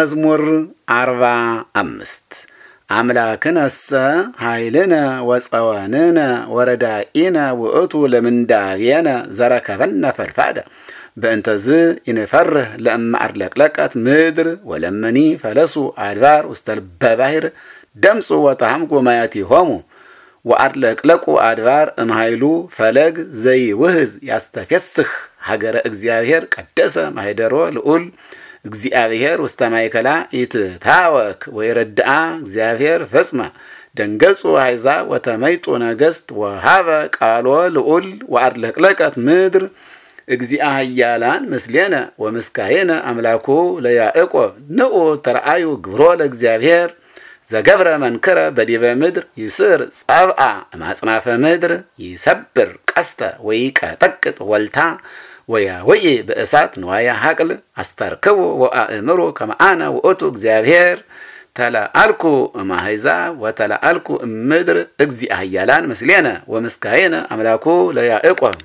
መዝሙር አርባ አምስት አምላክነሰ ኃይልነ ወጸወንነ ወረዳኢነ ውእቱ ለምንዳቤነ ዘረከበነ ፈልፋደ በእንተዝ ይንፈርህ ለእማ አርለቅለቀት ምድር ወለመኒ ፈለሱ አድባር ውስተ ልበ ባሕር ደምፁ ወጠሐምኩ ማያቲሆሙ ወአድለቅለቁ አድባር እምኃይሉ ፈለግ ዘይ ውህዝ ያስተፌስህ ሀገረ እግዚአብሔር ቀደሰ ማኅደሮ ልዑል እግዚአብሔር ውስተ ማእከላ ይትታወክ ወይረድአ እግዚአብሔር ፈጽመ ደንገጹ አሕዛብ ወተመይጡ ነገሥት ወሃበ ቃሎ ልዑል ወአድለቅለቀት ምድር እግዚአ ኃያላን ምስሌነ ወምስካየነ አምላኩ ለያዕቆብ ንዑ ተረአዩ ግብሮ ለእግዚአብሔር ዘገብረ መንክረ በዲበ ምድር ይስር ጸብአ ማጽናፈ ምድር ይሰብር ቀስተ ወይቀጠቅጥ ወልታ ወያ ወይ በእሳት ንዋያ ሀቅል አስታርከቦ ወአእምሮ ከመአነ ውእቱ እግዚአብሔር ተለአልኩ እማህዛ ወተለአልኩ እምድር እግዚአ ኃያላን ምስሌነ ወምስካየነ አምላኩ ለያዕቆብ